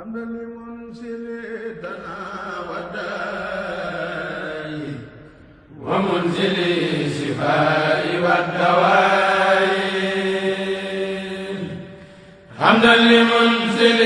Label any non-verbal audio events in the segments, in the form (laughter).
حمدا لمنزل دنا ومنزل الشفاء والدواء حمدا لمنزل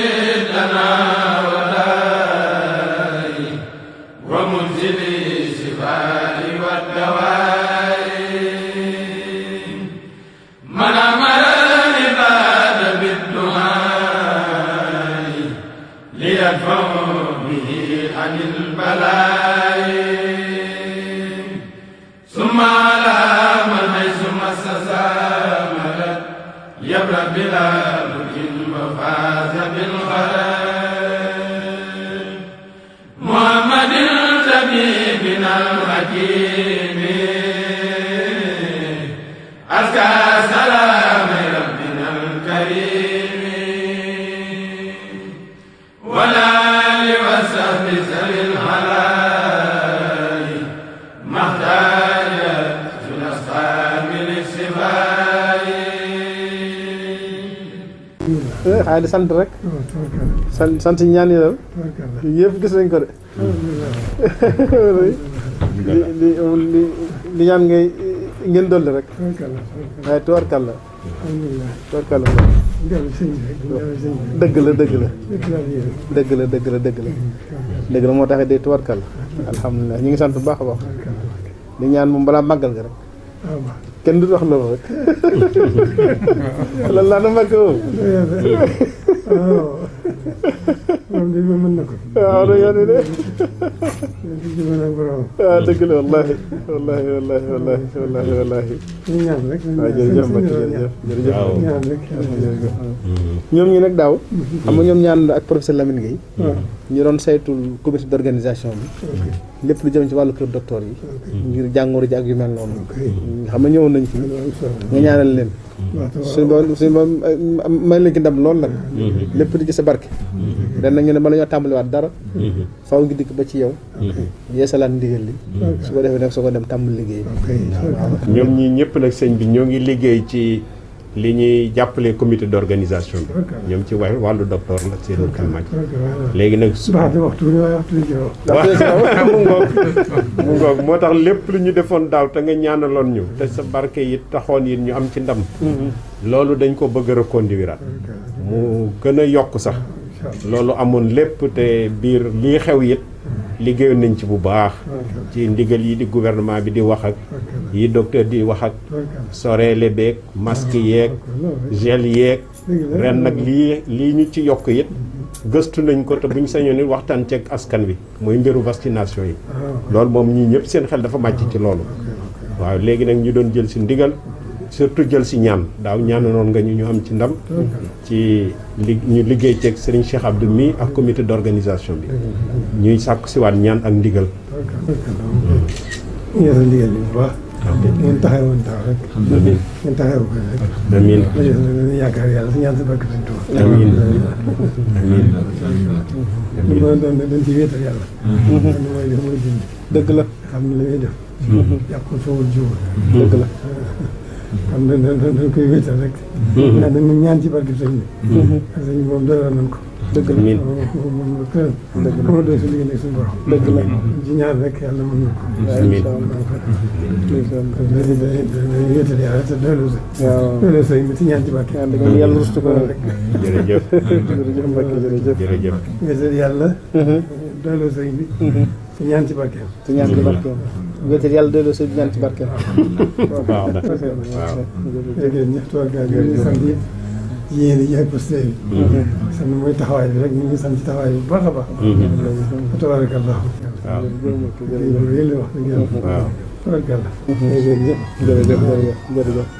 waaye di sant rek. Mm, sant sant ñaan yi daal. yëpp gis nañ ko de. li (laughs) li ñaan ngay ngeen dolli rek. waaye tubarkàlla. tubarkàlla. dëgg la dëgg la. dëgg la dëgg la dëgg la. dëgg la mm, moo tax it day tubarkàlla. alhamdulilah ñu ngi sant bu baax a baax. di ñaan moom balaa màggal gi rek. kenn du wax na ma rek. (laughs) lan laa na mag ko. (laughs) (laughs) Ah, moom de mën na ko. waaw da ngaa ne de. waaw dëgg la wallaahi wallaahi wallaahi wallaahi wallaahi wallaahi. ñu ñaan rek. waaw jërëjëf Mbacke jërëjëf jërëjëf. waaw ñaan rek jërëjëf. ñoom ñi nag daaw. xam nga ñoom ñaan ak professeur Lamine Gueye. ñu doon saytul comité d' organisation bi. lépp lu jëm ci wàllu kër docteur yi. ngir jàngoro ji ak yu mel noonu. nga xam ne ñëwoon nañ fi. nga ñaanal leen. suñu borom suñu borom may leen ci ndam lool nag. lépp di ci sa barke. ren nag ñu ne ne bala tàmbaliwaat dara mhm. faaw ngi dikk ba ci yow mhm. yeesalaat ndigal li mhm. su ko defee nag soo ko dem tàmbali liggéey ñoom ñi ñëpp nag sëñ bi ñoo ngi liggéey ci li ñuy jàppale commité d' organisation bi ñoom ci wàllu wàllu docteur la seen kàllaama léegi nag. (laughs) mu ngoog moo tax lépp lu ñu defoon daaw te nga ñaanaloon ñu te sa barke yi taxoon yi ñu am ci ndam. loolu dañ ko bëgg a reconduiraat mu gën a yokk sax. loolu amoon lépp te biir lii xew it liggéeyoon nañ ci bu baax ci ndigal yi di gouvernement bi di wax ak yi docteur di wax ak soreele beeg masque ah, yeeg gel yeeg ren nag lii lii ñu ci yokk it mhm. gëstu nañ ko te buñ sañoon it waxtaan ceeg askan wi mooy mbiru vaccination yi ah, loolu moom ñii ñëpp seen xel dafa màcc ci loolu waaw léegi nag ñu doon jël si ndigal surtout jël si ñaan daaw ñaanaloon nga ñu ñu am ci ndam. ci li ñu liggéey ceeg Serigne Cheikh Abdou mi ak comité d'organisation bi. ñuy sàkku si waat ñaan ak ndigal. ñu ngi ndigal bi yàlla si ñaan dëgg la xam dëgg la. xam ne dañ koy wéetal rek. Mhm. ndax dañu ñaan ci barke sëñ bi. Mhm. ak sëñ bi moom dalal ko. dëgg la miin moom la këram. dëgg la moom dëgg la ci ñaan rek yàlla mën na ko. miin waaw dañuy dañuy wéetal yàlla te doylu sëñ. waaw doylu sëñ bi ci ñaan ci barke. waaw yàlla rustu ko rek. jërëjëf jërëjëf Mbacke jërëjëf. wéetal doyloo sëriñ bi. te ñaan ci barkeem. te ñaan ci barkeem. wéetal yàlla doyloo sëriñ bi ñaan ci barkeem. waaw waaw waaw. léegi ñëpp toog gaa gërëm ñu yi ak mooy taxawaay bi rek ñu ngi sant ci taxawaay bu baax a baax. tabarakallah. waaw loolu yëpp la wax dëgg yàlla. waaw tabarakallah. jërëjëf jërëjëf jërëjëf.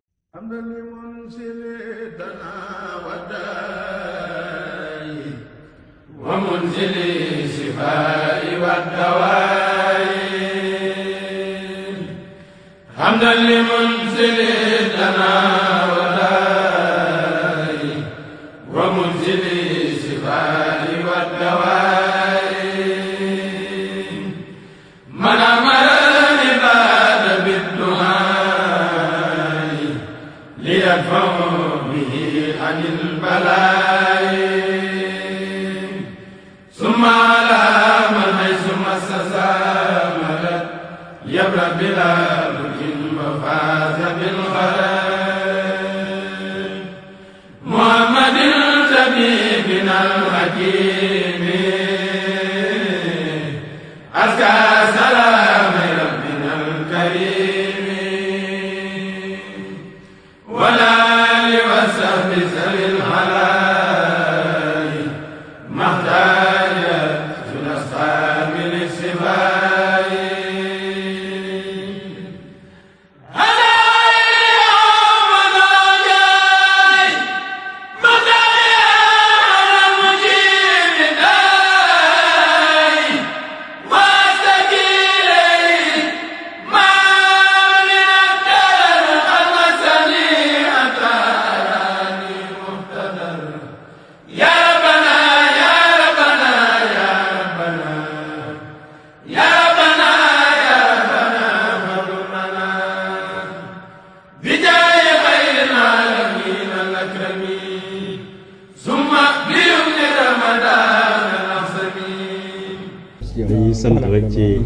dañuy sant rek ci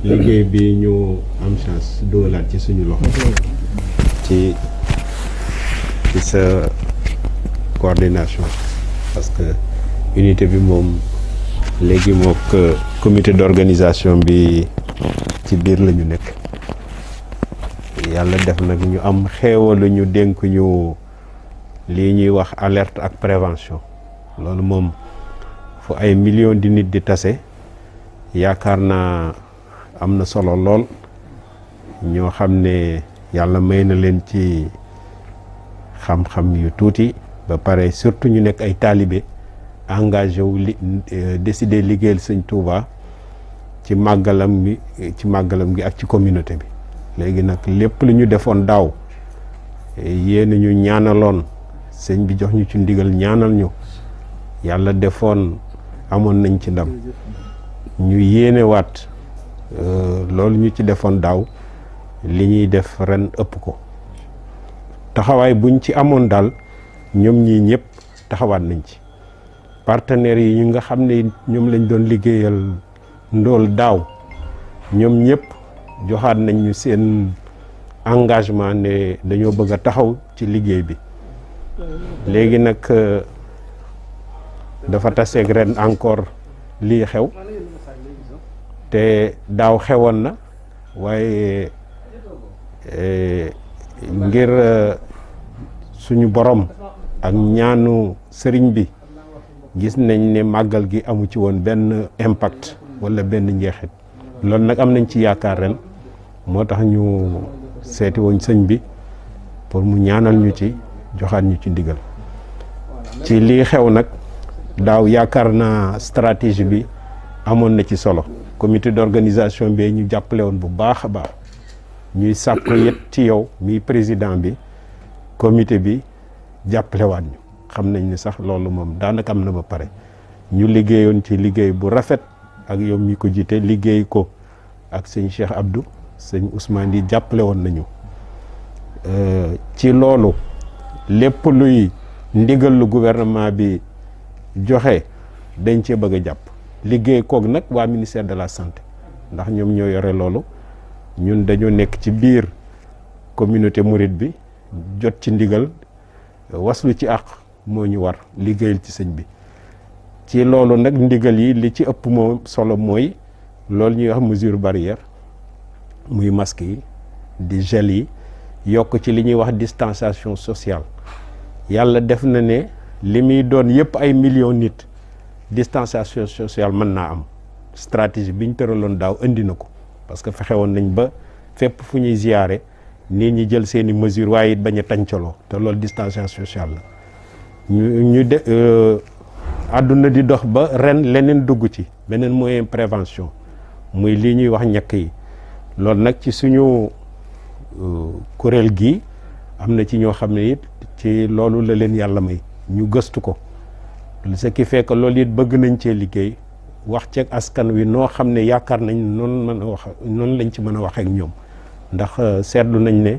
liggéey bi ñu am chance dóolaat ci suñu loxo ci ci sa coordination parce que unité bi moom léegi mook euh, comité d'organisation bi ci biir lañu nekk yàlla def nag ñu am xeewalu ñu dénk li ñuy wax alerte ak prévention loolu moom fu ay millions di nit di tase yaakaar naa am na solo lool ñoo xam ne yàlla may na leen ci xam-xam yu tuuti ba pare surtout ñu nekk ay taalibe engagé wu li euh, décidé liggéeyal sëñ Touba ci màggalam bi ci màggalam gi ak ci communauté bi léegi nag lépp lu ñu defoon daaw yéen ñu ñaanaloon sëñ bi jox ñu ci ndigal ñaanal ñu yàlla defoon amoon nañ ci ndam ñu yéenewaat euh, loolu ñu ci defoon daaw li ñuy def ren ëpp ko taxawaay buñ ci amoon daal ñoom ñii ñëpp taxawaat nañ ci partenaires yi ñu nga xam ne ñoom lañ doon liggéeyal ndool daaw ñoom ñëpp joxaat nañ ñu seen engagement ne dañoo bëgg a taxaw ci liggéey bi léegi nag euh, dafa taseeg ren encore lii xew te daaw xewoon na waaye eh, ngir eh, suñu borom ak ñaanu sëriñ bi gis nañ ni màggal gi amu ci woon benn impact walla benn njeexit loolu nag am nañ ci yaakaar ren moo tax ñu seeti woon sëñ bi pour mu ñaanal ñu ci joxaat ñu ci ndigal ci lii xew nag daaw yaakaar naa stratégie bi amoon na ci solo comité d'organisation bi ñu jàppale woon bu baax a baax ñuy sàkk yet ci yow mi président bi comité bi jàppalewaat ñu xam nañ ni sax loolu moom daanaka am na ba pare ñu liggéeyoon ci liggéey bu rafet ak yow mi ko jiite liggéey ko ak sëñ Cheikh Abdou sëñ Ousmane yi jàppale woon nañu euh, ci loolu lépp luy ndigal lu gouvernement bi joxe dañ cee bëgg a jàpp liggéey kook nag waa ministère de la santé ndax ñoom ñoo yore loolu ñun dañoo nekk ci biir communauté mouride bi jot ci ndigal waslu ci àq moo ñu war liggéeyal ci sëñ bi ci loolu nag ndigal yi li ci ëpp moo solo mooy loolu ñuy wax mesure barrière muy masque yi di gel yi yokk ci li ñuy wax distanciation sociale yàlla def na ne li muy doon yëpp ay millions nit distanciation sociale mën naa am stratégie bi ñu tëraloon daaw indi na ko parce que fexe woon nañ ba fépp fu ñuy ziyaare nit ñi jël seeni mesure waaye it bañ a tàncaloo te loolu distanciation sociale la ñu ñu de euh, àdduna di dox ba ren leneen dugg ci beneen moyen prévention muy lii ñuy wax ñàkk yi loolu nag ci suñu euh, kuréel gi am na ci ñoo xam ne it ci loolu la leen yàlla may ñu gëstu ko ce qui fait que loolu it bëgg nañ cee liggéey wax ceeg askan wi noo xam ne yaakaar nañ noonu mën a wax noonu lañ ci mën a waxeek ñoom ndax euh, seetlu nañ ne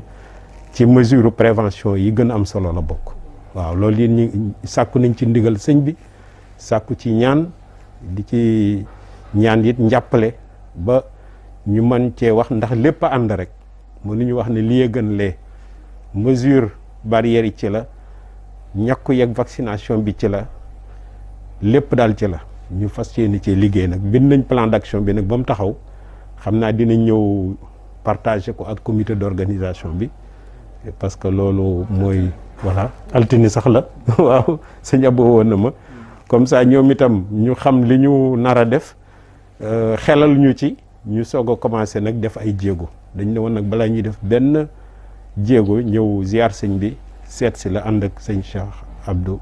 ci mesure prévention yi gën a am solo la bokk waaw loolu yit ñi sàkku nañ ci ndigal sëñ bi sàkku ci ñaan di ci ñaan it njàppale ba ñu mën cee wax ndax lépp a ànd rek mënuñu wax ne li gën lee mesure barrière ci la ñàkku yeeg vaccination bi ci la lépp daal ci la ñu fas yéene ci liggéey nag bind nañ plan d'action bi nag ba mu taxaw xam naa dinañ ñëw partager ko ak comité d'organisation bi parce que loolu mooy voilà altine sax la (laughs) waaw sëñ Abo woon na ma comme ça ñoom itam ñu xam li ñu nar a def euh, xelal ñu ci ñu soog a commencé nag def ay jéego dañ ne woon nag balaa ñuy def benn jéego ñëw ziar sëñ bi seet si la ànd ak sëñ Cheikh Abdou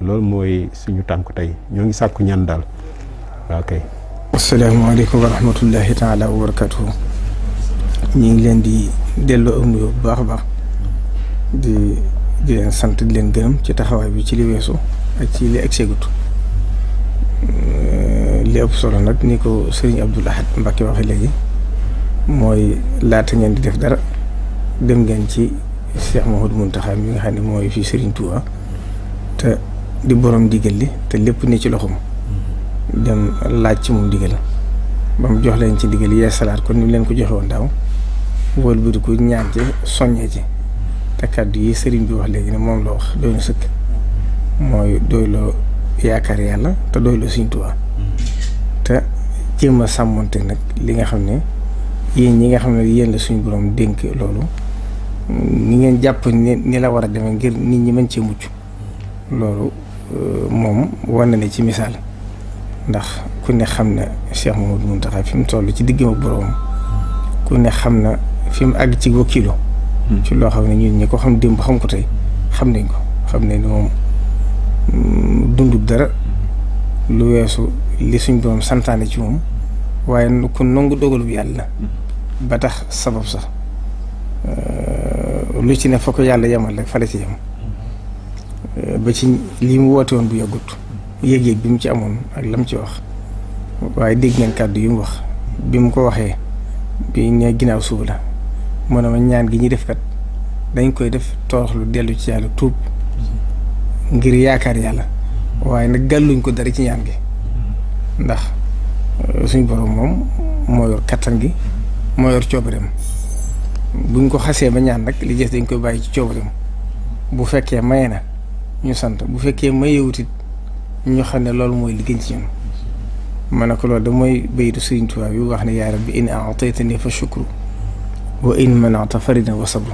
loolu mooy suñu tànk tey ñoo ngi sàkku ñan daal waaw kay. asalaamaaleykum wa rahmatullahi taala wa barakatuhu ñu ngi leen di delloo am bu baax a baax di leen sant di leen gërëm ci taxawaay bi ci li weesu ak ci li ak seegut euh, li ëpp solo nag ni ko sëriñ Abdoul Ahad Mbacké waxee léegi mooy laata ngeen di def dara dem ngeen ci. Cheikh Mahmoud Mountakha mi nga xam ne mooy fii Serigne Touba te di boroom digal li te lépp ni ci loxoom mm-hmm. dem laaj ci moom digal ba mu jox leen ci digal salaat kon ni mu leen ko joxe woon daaw wóol bi di ko ñaan ci soññee ci te kàddu yi sëriñ bi wax léegi ne moom la wax doy na sëkk mm-hmm. mooy doyloo loo yaakaar yàlla te doy loo Serigne mm-hmm. te jéem a sàmmonte nag li nga xam ne yéen ñi nga xam ne yéen la suñu borom dénk loolu. ni ngeen jàpp ni la war a deme ngir nit ñi mën cee mucc loolu euh, moom wane na ci misaal ndax ku ne xam na Cheikh Mamadou Mountakha fi mu toll ci diggam ak boroom ku ne xam na fi àgg ci wakiilo hmm. ci loo xam ne ñun ñi ko xam démb xam ko tey xam nañ ko xam ne ni moom mm, dundut dara lu weesu li suñ boroom santaane ci moom waaye ku nangu dogalu bi yàlla hmm. ba tax sabab sax lu ci ne fa ko yàlla yemal rek fa la ci yem mm-hmm. ba ci lii mu woote woon bu yàggut yëg-yëg bi mu ci amoon ak lam ci wax waaye dégg ngeen kàddu yi mu wax bi mu ko waxee bi ne ginnaaw suba la mu ne ma ñaan gi ñuy def kat dañ koy def toroxlu dellu ci yàlla tuub mm-hmm. ngir yaakaar yàlla mm-hmm. waaye nag gàlluñ ko dara ci ñaan gi ndax suñ borom moom moo yor gi moo yor coobareem buñ ko xasee ba ñaan rek li des dañ koy bàyyi ci coobaram bu fekkee maye na ñu sant bu fekkee wutit ñu xam ne loolu mooy li gën ci ñun ma ne ko loolu da mooy baytu Sëriñ Tuubaa bi wax ne yaa rabbi in a'taytani fa shukru wa in mana'ta farida wa sabru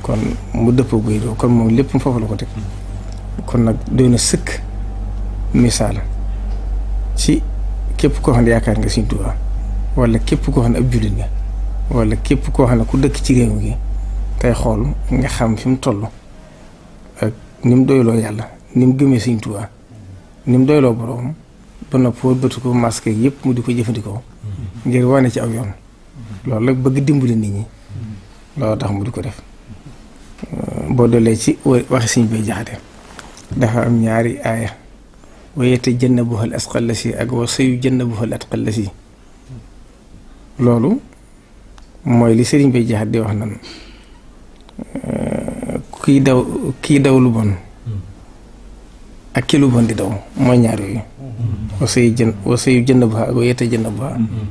kon mu dëppoo baytoo kon moom lépp mu foofu la ko teg kon nag doy na sëkk misaal ci képp koo xam ne yaakaar nga Sëriñ Tuubaa wala képp koo xam ne ab jullit nga wala képp koo xam ne ku dëkk ci réew mi tey xool nga xam fi mu toll ak ni mu doyloo yàlla ni mu gëmee Sëñ Tuubaa ni mu doyloo borom ba nopp ko masque yëpp mu di ko jëfandikoo ngir wane ci aw yoon loolu nag bëgg dimbali nit ñi loolu tax mu di ko def boo doolee ci waxi Sëñ Bay Jaxate dafa am ñaari aaya wayete jënn bu xal asqal la si ak wa sayu jën bu xal atqal la si loolu mooy li sëriñ bay jaxat di wax nan eh, kiy daw kiy daw lu bon ak ki lu bon di daw mooy ñaar yooyu mm-hmm. wasayu jën wasayu jënd bu ak yetta jënd bu mm-hmm.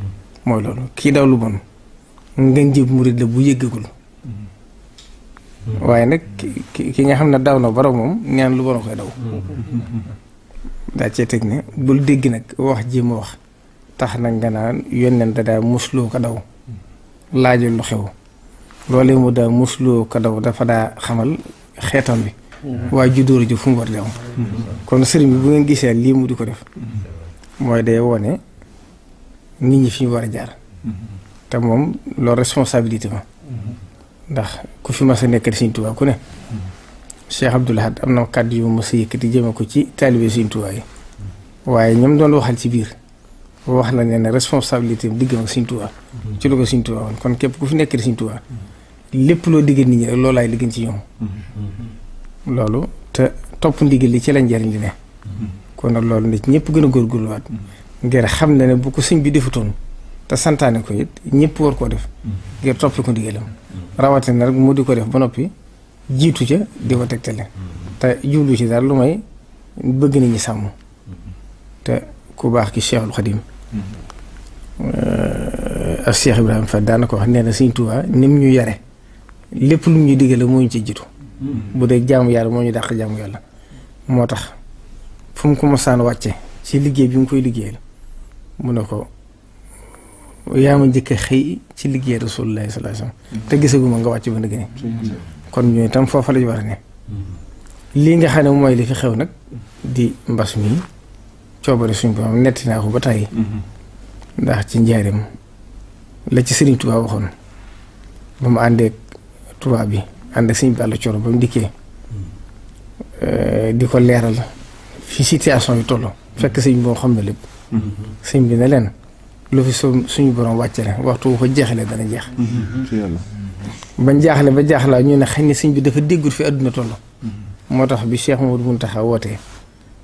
mooy loolu kii daw lu bon nga njëb murid la bu yëggagul mm-hmm. waaye nag ki nga xam ne daaw na borom moom ñaan lu bon koy daw daa cee teg ne bul dégg nag wax ji ma wax tax nag nga naan yónneen da daa musloo ko daw laajul lu xew loolu mu daa musloo ko dafa daa xamal xeetam bi mhm. waaye juddóor ji fu mu war di am mhm. kon sëriñ bi bu ngeen gisee lii mu di ko def mhm. mooy day wone nit ñi fi war a jaar te moom loolu responsabilité ma ndax ku fi mas a nekkati Sëriñ Tuubaa ku ne Cheikh Abdoul Ahad am na kàddu yu mas a yëkkati jëme ko ci taalibe Sëriñ Tuubaa yi waaye ñoom doon waxal ci biir wax na ne ne responsabilité am diggam ak Sëriñ mhm. ci lu ko Sëriñ Tuubaa woon kon képp ku fi nekk di Sëriñ Tuubaa lépp loo diggal nit ñi rek loolaay liggéen ci ñoom mhm. Mhm. loolu te topp ndigal li ci la njariñ li ne kon nag loolu nit ñëpp gën a góorgóorluwaat ngir xam ne ne bu ko sëñ bi defutoon te santaane ko it ñëpp war koo def ngir toppi ko ndigalam na rek mu di ko def ba noppi jiitu ca di ko tegtale te jublu ci daal lu may bëgg nañu sàmm te baax ki Cheikhul Khadim Euh, ak Cheikh Ibrahima Fall daana nee na Sëñ Tuubaa ni mu ñu yare lépp lu ñu digale moo ñu ci jiitu mm-hmm. bu dee jaamu yàlla moo ñu dàq jaamu yàlla moo tax fu mu ko mosaan wàcce ci liggéey bi mu koy liggéeyal mu ne ko yaa ma njëkk a xëy ci liggéey Rasulullaahi sallallaahu alayhi wa sallam te nga wàcc ba ndëgg ni kon ñu itam foofa lañu war a ne mm-hmm. lii nga xam ne mooy li fi xew nag di mbas mi coobare suñu borom netti naa ko ba tàyyi mhm. ndax ci njaarim la ci sëriñ Tuubaa waxoon ba mu àndee Tuubaa bi ànd ak sëriñ Balla Coro ba mu dikkee mhm. eh, di ko leeral fi situation yi toll fekk sëriñ boo xam ne lépp mhm. sëriñ bi ne leen lu fi suñu boroom wàcce la waxtu ko jeexalee dana jeex bañ jaaxle ba jaaxlaa ñu ne xëy na sëriñ bi dafa déggul fi àdduna toll moo tax bi Cheikh Mamadou Mountakha wootee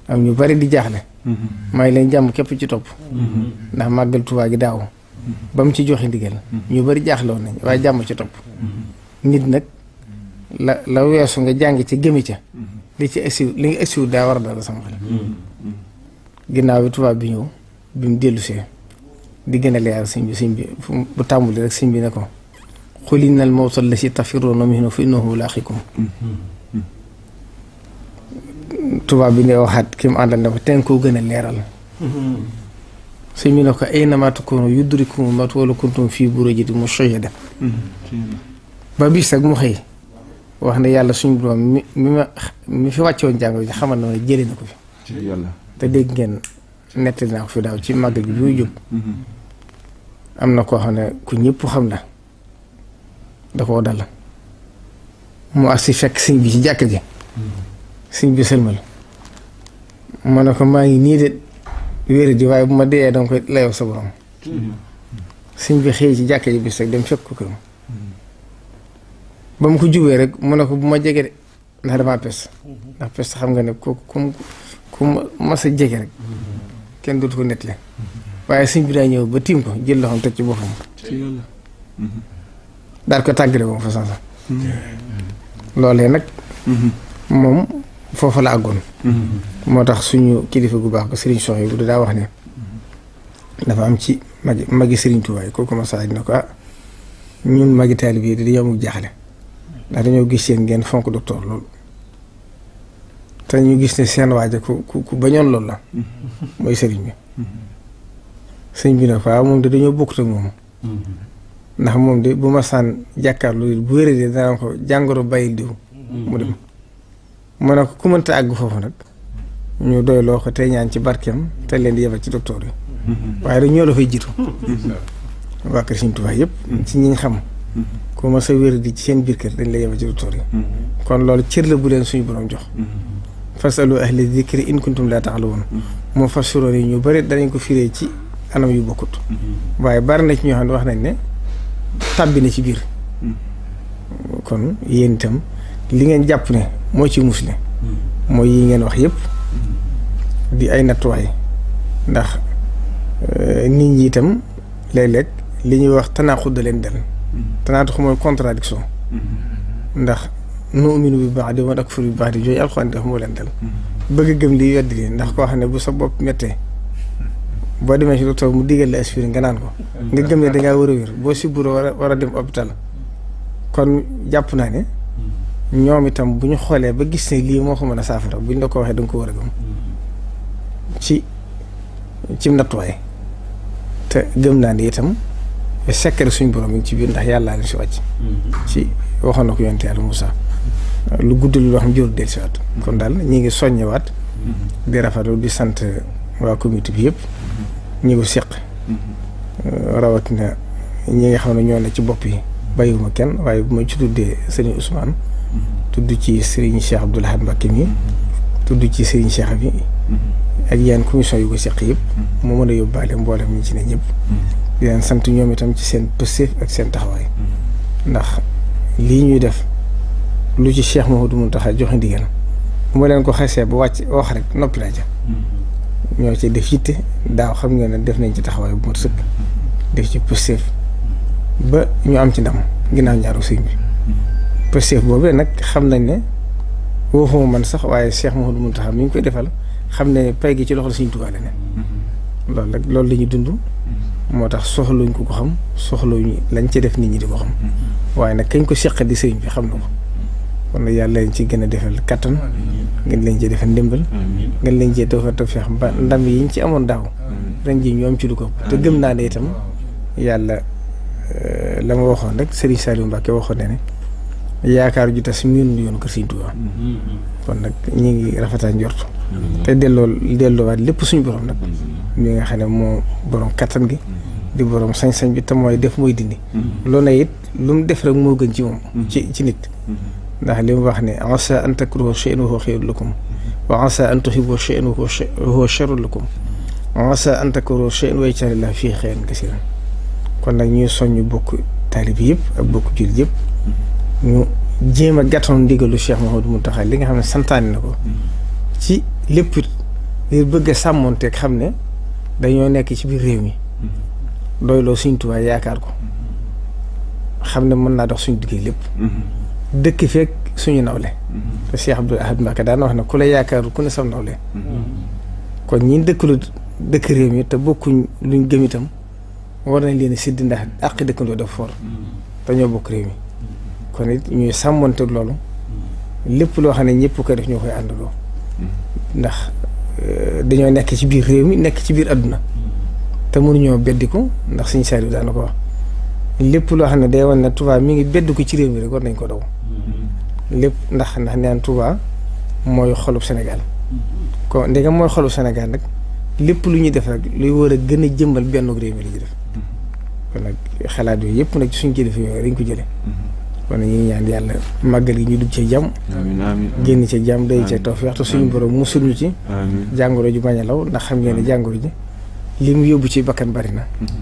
am ñu bari di jaaxle. Mm-hmm. may leen jàmm képp ci topp. Mm-hmm. ndax màggal Tuubaa gi daaw. Mm-hmm. ba mu ci joxe ndigal. ñu bari jaaxloon nañ waaye jàmm ci topp. nit nag la la weesu nga jàng ci gëmi ca. li ci ëssiw li nga ëssiw daa war a dara sama xel. ginnaaw bi tubaab bi ñëw bi mu dellusee di gën a leer sëñ bi sëñ bi bu tàmbuli rek sëñ ne ko xulinal mawtal la si tafirroona minhu fa innahu mulaaqikum tubaab bi ne waxaat ki mu àndal ne ko ten koo gën a leeral su ñu ne ko ay namaatukoono yudrikum mat wala kuntum fii burujin mushayyada ba bis ak mu xëy wax ne yàlla suñ doom mi mi ma mi fi wàccoon jàngo ko fi te dégg ci màgg bi buy jóg mm-hmm. na koo xam ne xam la da koo dal mu mm-hmm. bi sëlmal ma ne ko maa ngi nii de wéeru ji waaye bu ma dee danga koy layoo sa borom sëñ bi xëy ci jàkka ji bis rek dem fekk ko këram ba mu ko jubee rek mu ne ko bu ma jege de ndax damaa pes ndax pes xam nga ne ko ku ku mas a jege rek kenn dootu ko nettali waaye sëñ bi daa ñëw ba tiim ko jël loxoom teg ci boppam daal ko tàggale ba mu fa sansa mm-hmm. loolee nag mm-hmm. moom foofa la àggoon moo tax suñu kilifa gu baax ba sëriñ sox yi bu daa wax ne dafa am ci magi magi sëriñ Tuubaa kooku ma saaj na ko ah ñun magi taalib yi dañoo amul jaaxle ndax gis seen ngeen fonk docteur loolu te ñu gis ne seen waaja ku ku ku bañoon loolu sëriñ bi sëriñ bi ko waaw ah, moom de dañoo bokkut ak moom ndax moom de bu ma sànn jàkkaarloo bu wéree de danaa ko jàngoro bàyyil diw mu dem mu ne ko ku mënta àgg foofu nag ñu doy loo ko tey ñaan ci barkeem te leen di yebal ci docteur yi waaye dañ ñoo la fay jiitu waa kër Sëriñ Tuubaa yëpp ci ñi ñu xam ku ma sa wér di ci seen biir kër dañ la yebal ci docteur yi kon loolu cër la bu leen suñu borom jox fasalu ahli dikri in kuntum laa woon moo fassiroon yi ñu bëri danañ ko firee ci anam yu bokkut waaye bari na ci ñoo xam ne wax nañ ne tàbbi na ci biir kon yéen li ngeen jàpp ne moo ci musle mooy yi ngeen wax yëpp di ay nattuwaay ndax euh, nit ñi itam léeg lekk li ñuy wax tanaaxud da leen dal tanaaxud mooy contradiction ndax nu'minu bi baax di wa nakfuru bi baax di jooju alxuraan def moo leen dal bëgg gëm lii wedd li ndax koo xam ne bu sa bopp méttee boo demee si docteur mu digal la aspirine nga naan ko nga gëm ne dangaa war a wér boo si buro war a war a dem hôpital kon jàpp naa ne ñoom itam bu ñu xoolee ba gis ne lii moo ko mën a saafara buñ la ko waxee danga ko war a gëm ci ci nattuwaay te gëm naa ni itam sekkari suñu borom ci biir ndax yàllaa leen si wàcc mhm. ci waxoon na ko yonte yàlla Moussa lu gudd lu wax njur del si waat kon daal ñu ngi soññewaat mhm. di rafetlu di sant waa comité bi yëpp mhm. ñi ko seq rawatina ñi nga xam ne ñoo ne ci bopp yi bàyyiwuma kenn waaye bu ma ci duddee sëñ Ousmane tudd ci sëriñ Cheikh Abdoul Ahad Mbacké mi tudd ci sëriñ Cheikh bi ak yeneen commission yu ko seq yëpp mm-hmm. moo mën a yóbbaale mboolem ñi ci ne ñëpp mm-hmm. di sant ñoom itam ci seen pëstéef ak seen taxawaay mm-hmm. ndax lii ñuy def lu ci Cheikh Mouhamadou Mountakha joxe ndigal bu ma leen ko xesee ba wàcc wax rek noppi laa ja ñoo ci def yitte daaw xam nga ne def nañ ci taxawaay bu mat sëkk def ci pëstéef ba ñu am ci ndam ginnaaw ñaaru sëñ bi Pastef boobee nag xam nañ ne waxuma man sax waaye Cheikh Mouhamadou Mountakha mi ngi koy defal xam ne pay gi ci loxol Sëriñ Tuubaa la ne loolu nag loolu dund moo tax soxluñ ko ko xam soxluñ lañ ci def nit ñi di ko xam waaye nag kañ ko seq di sëriñ bi xam na ko kon yàlla lañ ci gën a defal kattan ngeen leen ci defal ndimbal ngeen leen ci defal tawfeex ba ndam yi ñu ci amoon daaw ren ji ñu am ci lu ko te gëm naa ne itam yàlla euh, la ma waxoon rek Serigne Saliou Mbacke waxoon ne yaakaar ju tas ñun yoonu kër Sëriñ kon nag ñu ngi rafetal njort te delloo delloowaat lépp suñu borom nag mi nga xam ne moo borom kattan gi di borom sañ-sañ bi te mooy def mooy dindi loolu it lu def rek moo gën ci ci nit ndax li wax ne asa an takrahu shay'an wa huwa khayrun lakum wa asa an kon nag ñuy soññ bokk taalib yëpp ak bokk jullit yëpp ñu jéem a gàttoon ndigalu Cheikh Mouhamadou Mountakha li nga xam ne santaane na ko ci lépp ngir bëgg sàmmoon teg xam ne dañoo nekk ci biir réew mi doyloo suñ Tuubaa yaakaar ko xam ne mën naa dox suñu diggee lépp dëkk feek suñu nawle te Cheikh Abdoul Ahad Mbacké daana wax ne ku la yaakaaru ku ne sam nawle kon ñi dëkkalu dëkk réew mi te bokkuñ luñ gëm itam war nañ leen a siddi ndax àq dëkkandoo def for dañoo bokk réew mi kon it ñuy sàmmanteeg loolu lépp loo xam ne ñëpp ko def ñoo koy àndandoo ndax euh, dañoo nekk ci biir réew mi nekk ci biir àdduna te mënuñoo beddiku ndax suñu saar yi daana ko wax lépp loo xam ne day wan ne tubaa mi ngi beddiku ci réew mi rek nañ ko daw lépp ndax ndax Touba mooy xolub Sénégal kon ndegam mooy xolub Sénégal nag lépp lu ñuy def rek luy war a gën a jëmbal benn réew mi la ñuy def kon nag xalaat yooyu yëpp nag suñu kilifa yooyu dañ ko jëlee kon ñu ngi ñaan yàlla màggal yi ñu dugg ci jam amiin amiin génn ci jàmm day ci toog fi waxtu suñu borom musul ñu ci. jàngoro ji bañ a law ndax xam ngeen ne jàngoro ji li mu yóbbu ci bakkan bari na. Mm-hmm.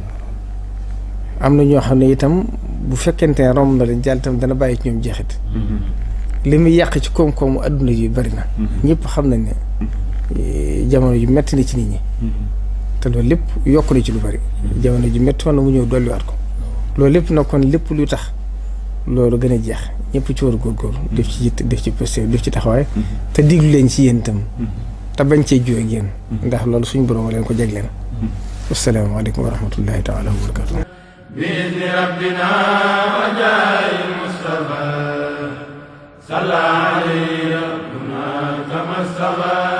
am na ñoo xam ne itam bu fekkente ne romb na leen jàll dana bàyyi ci ñoom jeexit. Mm-hmm. muy yàq ci koom-koomu adduna ji bari na. Mm-hmm. ñëpp xam nañ ne jamono ju metti ci nit ñi. te loolu lépp yokk na ci lu bari. jamono ji metti woon na mu ñëw dolliwaat ko. loolu lépp na kon lépp lu tax. loolu gën a jeex ñëpp ci war a góorgóorlu def ci yitt def ci posté def ci taxawaay mhm. te diglu leen ci yéen itam mhm. te bañ cee jooy génn mhm. ndax loolu suñu borom leen ko jagleen asalaamaaleykum wa rahmatullahi taala wa barakatu rabbina wa jaayi mustafa salla alayhi rabbuna kama salla